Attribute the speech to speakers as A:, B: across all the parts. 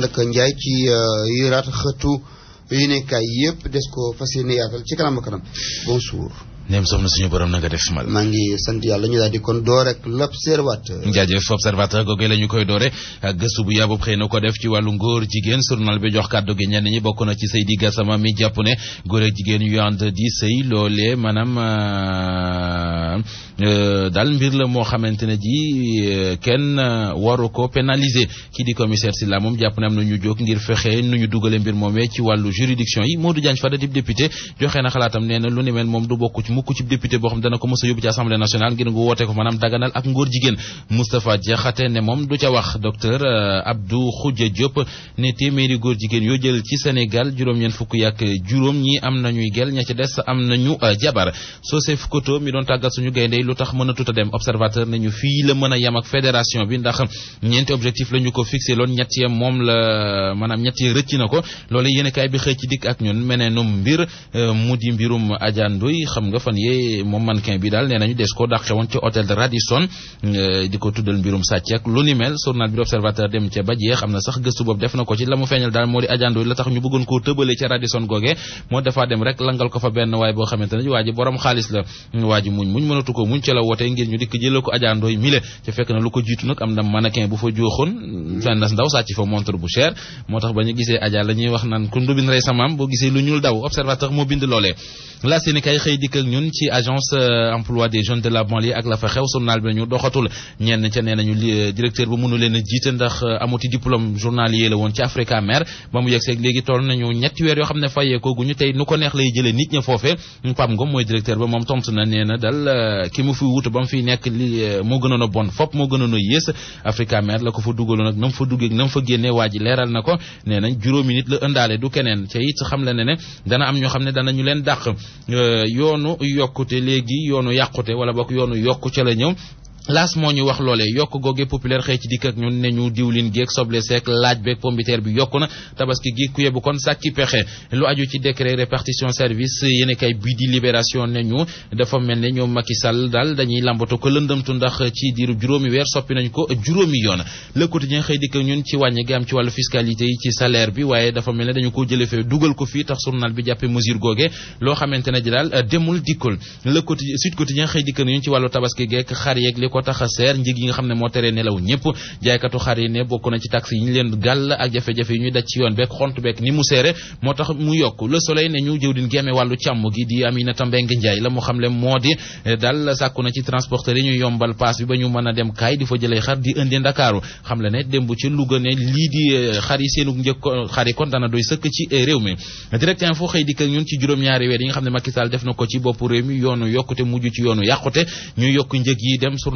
A: doon ànd ci euh, yu raat xëtu yu nekkaay yëpp des ko fas yéene yaatal ci kanam a kanam bonsoir neem soon suñu borom na nga def mal. maa ngi sant yàlla ñu daal di kon door ak l'observateur. jaajëf observateur googee la ñu koy doore ak gëstu bu yàbbu xëy na ko def ci wàllu ngóor jigéen journal bi jox kàddu gi ñenn ñi bokk na ci di Gassama mi jàpp ne góor ak jigéen yu ànd di sëy loolee maanaam euh, euh, dal mbir la moo xamante ne ji euh, kenn waru ko pénaliser kii di commissaire Sylla moom jàpp ne am na ñu jóg ngir fexe nu ñu dugalee mbir moomee ci wàllu juridiction yi Modou Diagne Fada di député mukk ci député boo xam dana ko mos a yóbbu ci assemblée nationale ngir ngu woote ko maanaam daganal ak ngóor jigéen Moustapha Diakhaté ne moom du ca wax docteur euh, Abdou Khoudia Diop ne téeméeri góor jigéen yoo jël ci Sénégal juróom-ñeen fukk yàq juróom ñi am nañuy gel ña des am nañu euh, jabar Socé Koto mi doon tàggat suñu gayndey lu tax mën a tuta dem observateur nañu fii la mën a fédération bi ndax ñeenti objectif la ñu ko fixé loon ñett ya moom la euh, maanaam ñett ya rëcc na ko loolu yéenekaay bi xëy ci dikk ak ñun meneenum mbir fan yee moom mannequin bi daal nee nañu des koo dàqe woon ci hôtel de Radisson euh, di ko tuddal mbirum sàcc ak lu ni mel journal bi l'Observateur dem ca ba jeex am na sax gëstu boobu def na ko ci la mu feeñal daal moo di ajandooy la tax ñu bëggoon koo tëbale ca dem rek langal ko fa benn waay boo xamante ne waa ji borom xaalis la waa ji muñ muñ mënatu ko muñ ca la woote ngir ñu dikk jëlee ko ajandooy mile ca fekk na lu ko jiitu nag am na mannequin bu fa jooxoon fenn ndaw sàcc fa montre bu moo tax ba ñu gisee aja la ñuy wax naan ku ndubin rey boo gisee lu ñuul daw observateur moo bind loolee la Sénégal xëy dikk ak ñun ci agence euh, emploi des jeunes de la banlieue ak la fa xew journal bi nañu doxatul ñenn ca nee nañu euh, directeur bu mënu leen a jiite ndax euh, amuti diplôme journalier la woon ci Africa Mer ba mu yegg seeg léegi toll nañu ñetti weer yoo xam ne fayee ko guñu tey nu ko neex lay jëlee nit ña foofee Pam Ngom mooy directeur ba moom tontu na nee na dal ki mu fi wut ba mu fiy nekk li moo gënoon a bon fop moo gënoon a yées Africa Mer la ko fa dugaloon ak na mu fa waa ji leeral na ko nee nañ juróomi nit la du keneen ca la ne ne dana am ñoo xam ne danañu leen dàq Euh, yoonu yokkute léegi yoonu yàqute wala bokk yoonu yokku ca la ñëw laas moo ñu wax loolee yokk googe populaire xëy ci dikk ak ñun ne ñu diwlin geeg soble seek laaj beeg pombiteer bi yokku na tabaski gi kuye bu kon sàkki pexe lu aju ci décret répartition service yéen kay bii di libération ne ñu dafa mel ne ñoom Macky Sall daal dañuy làmbato ko lëndëmtu ndax ci diiru juróomi weer soppi nañ ko juróomi yoon le quotidien xëy dikk ak ñun ci wàññi gi am ci wàllu fiscalité yi ci salaire bi waaye dafa mel ne dañu ko jële dugal ko fii tax journal bi jàppe mesure googe loo xamante ne daal demul dikkul le quotidien sud quotidien xëy dikk ak ñun ci ko tax a seer njëg yi nga xam ne moo teree nelaw ñëpp jaaykatu xar yi ne bokk ci taxe yi ñu leen gàll ak jafe-jafe yi ñuy daj ci yoon beek xont beek ni mu seere moo tax mu yokk le soleil ne ñu jëw din géeme wàllu càmm gi di Aminata Mbengue Ndiaye la mu xam le moo di eh, daal sàkku ci transporteur yi ñu yombal paas bi ba ñu mën dem kaay di fa jëlee xar di indi Ndakaaru xam le ne démb ci Louga ne lii di eh, xar yi seenug njëkk eh, xar yi kon doy sëkk ko ci bopp réew mi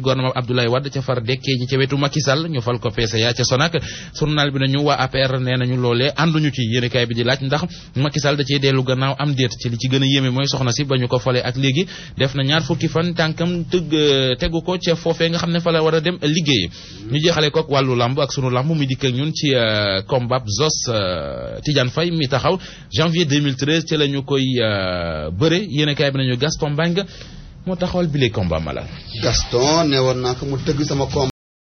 A: ci gouvernement Abdoulaye Wade ca far dekkee ji ca wetu Macky Sall ñu fal ko PCA ca Sonac journal bi nañu waa APR nee nañu loolee ànduñu ci yéenekaay bi di laaj ndax Macky da cee dellu gannaaw am déet ci li ci a mooy soxna si ba ñu ko falee ak léegi def na ñaar fukki fan tànkam tëgg tegu ko ca foofee nga xam ne fa la war a dem liggéey ñu jeexale ko ak wàllu lamb ak sunu lamb mu dikk ak ñun ci euh, combat Zos euh, Tidiane Faye mi taxaw janvier 2013 ci la ñu koy euh, bëre yéenekaay bi nañu Gaston Mbengue moo taxawal bile combat malal. Gaston ne woon naa ko mu tëgg sama combat.